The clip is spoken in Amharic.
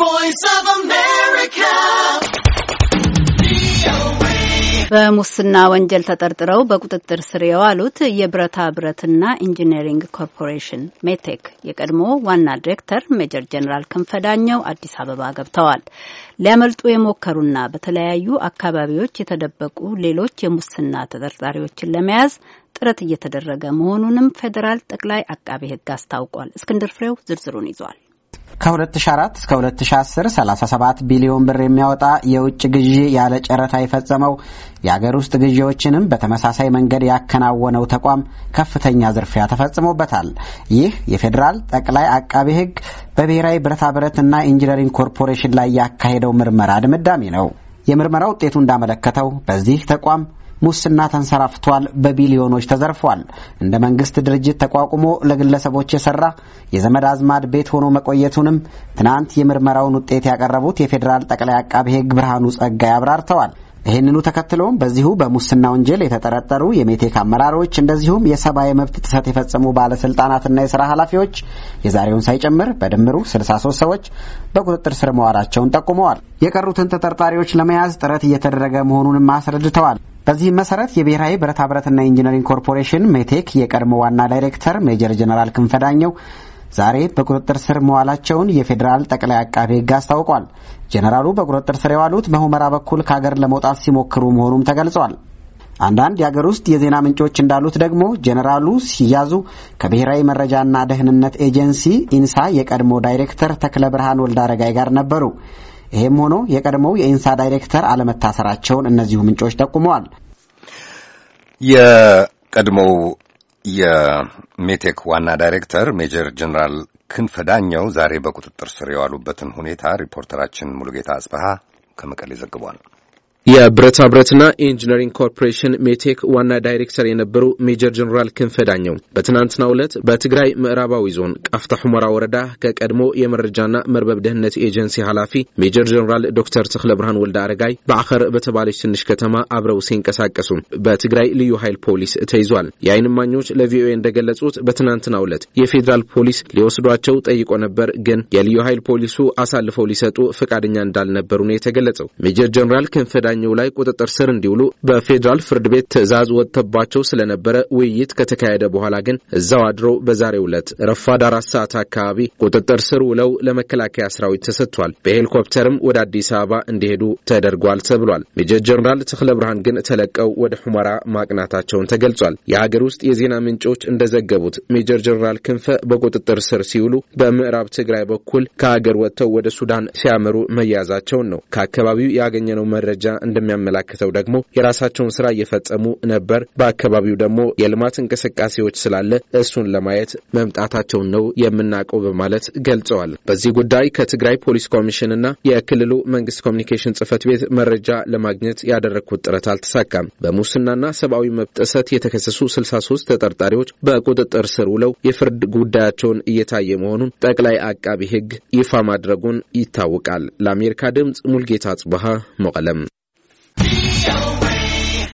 voice of America. በሙስና ወንጀል ተጠርጥረው በቁጥጥር ስር የዋሉት የብረታ ብረትና ኢንጂነሪንግ ኮርፖሬሽን ሜቴክ የቀድሞ ዋና ዲሬክተር ሜጀር ጀኔራል ክንፈዳኘው አዲስ አበባ ገብተዋል። ሊያመልጡ የሞከሩና በተለያዩ አካባቢዎች የተደበቁ ሌሎች የሙስና ተጠርጣሪዎችን ለመያዝ ጥረት እየተደረገ መሆኑንም ፌዴራል ጠቅላይ አቃቤ ሕግ አስታውቋል። እስክንድር ፍሬው ዝርዝሩን ይዟል። ከ2004 እስከ 2010 37 ቢሊዮን ብር የሚያወጣ የውጭ ግዢ ያለ ጨረታ የፈጸመው የአገር ውስጥ ግዢዎችንም በተመሳሳይ መንገድ ያከናወነው ተቋም ከፍተኛ ዝርፊያ ተፈጽሞበታል። ይህ የፌዴራል ጠቅላይ አቃቤ ሕግ በብሔራዊ ብረታ ብረትና ኢንጂነሪንግ ኮርፖሬሽን ላይ ያካሄደው ምርመራ ድምዳሜ ነው። የምርመራ ውጤቱ እንዳመለከተው በዚህ ተቋም ሙስና ተንሰራፍቷል፣ በቢሊዮኖች ተዘርፏል። እንደ መንግስት ድርጅት ተቋቁሞ ለግለሰቦች የሰራ የዘመድ አዝማድ ቤት ሆኖ መቆየቱንም ትናንት የምርመራውን ውጤት ያቀረቡት የፌዴራል ጠቅላይ አቃቤ ሕግ ብርሃኑ ጸጋይ አብራርተዋል። ይህንኑ ተከትሎም በዚሁ በሙስና ወንጀል የተጠረጠሩ የሜቴክ አመራሮች እንደዚሁም የሰብአዊ መብት ጥሰት የፈጸሙ ባለስልጣናትና የስራ ኃላፊዎች የዛሬውን ሳይጨምር በድምሩ 63 ሰዎች በቁጥጥር ስር መዋላቸውን ጠቁመዋል። የቀሩትን ተጠርጣሪዎች ለመያዝ ጥረት እየተደረገ መሆኑንም አስረድተዋል። በዚህም መሰረት የብሔራዊ ብረታ ብረትና ኢንጂነሪንግ ኮርፖሬሽን ሜቴክ የቀድሞ ዋና ዳይሬክተር ሜጀር ጀነራል ክንፈዳኘው ዛሬ በቁጥጥር ስር መዋላቸውን የፌዴራል ጠቅላይ አቃቤ ሕግ አስታውቋል። ጀነራሉ በቁጥጥር ስር የዋሉት በሁመራ በኩል ከሀገር ለመውጣት ሲሞክሩ መሆኑም ተገልጿል። አንዳንድ የአገር ውስጥ የዜና ምንጮች እንዳሉት ደግሞ ጀነራሉ ሲያዙ ከብሔራዊ መረጃና ደህንነት ኤጀንሲ ኢንሳ የቀድሞ ዳይሬክተር ተክለ ብርሃን አረጋይ ጋር ነበሩ። ይህም ሆኖ የቀድሞው የኢንሳ ዳይሬክተር አለመታሰራቸውን እነዚሁ ምንጮች ጠቁመዋል። የቀድሞው የሜቴክ ዋና ዳይሬክተር ሜጀር ጀኔራል ክንፈ ዳኘው ዛሬ በቁጥጥር ስር የዋሉበትን ሁኔታ ሪፖርተራችን ሙሉጌታ አጽበሃ ከመቀሌ ዘግቧል። የብረታ ብረትና ኢንጂነሪንግ ኮርፖሬሽን ሜቴክ ዋና ዳይሬክተር የነበሩ ሜጀር ጀኔራል ክንፈ ዳኘው በትናንትናው ዕለት በትግራይ ምዕራባዊ ዞን ቃፍታ ሁመራ ወረዳ ከቀድሞ የመረጃና መርበብ ደህንነት ኤጀንሲ ኃላፊ ሜጀር ጀኔራል ዶክተር ተክለ ብርሃን ወልደ አረጋይ በአኸር በተባለች ትንሽ ከተማ አብረው ሲንቀሳቀሱ በትግራይ ልዩ ኃይል ፖሊስ ተይዟል። የዓይን እማኞች ለቪኦኤ እንደገለጹት በትናንትናው ዕለት የፌዴራል ፖሊስ ሊወስዷቸው ጠይቆ ነበር፣ ግን የልዩ ኃይል ፖሊሱ አሳልፈው ሊሰጡ ፈቃደኛ እንዳልነበሩ ነው የተገለጸው። ሜጀር ጀኔራል ክንፈ በዳኘው ላይ ቁጥጥር ስር እንዲውሉ በፌዴራል ፍርድ ቤት ትዕዛዝ ወጥተባቸው ስለነበረ ውይይት ከተካሄደ በኋላ ግን እዛው አድሮ በዛሬው ዕለት ረፋድ አራት ሰዓት አካባቢ ቁጥጥር ስር ውለው ለመከላከያ ሰራዊት ተሰጥቷል። በሄሊኮፕተርም ወደ አዲስ አበባ እንዲሄዱ ተደርጓል ተብሏል። ሜጀር ጀኔራል ተክለ ብርሃን ግን ተለቀው ወደ ሁመራ ማቅናታቸውን ተገልጿል። የሀገር ውስጥ የዜና ምንጮች እንደዘገቡት ሜጀር ጀኔራል ክንፈ በቁጥጥር ስር ሲውሉ በምዕራብ ትግራይ በኩል ከሀገር ወጥተው ወደ ሱዳን ሲያመሩ መያዛቸውን ነው። ከአካባቢው ያገኘነው መረጃ እንደሚያመላክተው ደግሞ የራሳቸውን ስራ እየፈጸሙ ነበር። በአካባቢው ደግሞ የልማት እንቅስቃሴዎች ስላለ እሱን ለማየት መምጣታቸውን ነው የምናውቀው በማለት ገልጸዋል። በዚህ ጉዳይ ከትግራይ ፖሊስ ኮሚሽንና የክልሉ መንግስት ኮሚኒኬሽን ጽህፈት ቤት መረጃ ለማግኘት ያደረግኩት ጥረት አልተሳካም። በሙስናና ሰብአዊ መብት ጥሰት የተከሰሱ 63 ተጠርጣሪዎች በቁጥጥር ስር ውለው የፍርድ ጉዳያቸውን እየታየ መሆኑን ጠቅላይ አቃቢ ሕግ ይፋ ማድረጉን ይታወቃል። ለአሜሪካ ድምፅ ሙልጌታ ጽብሃ መቀለም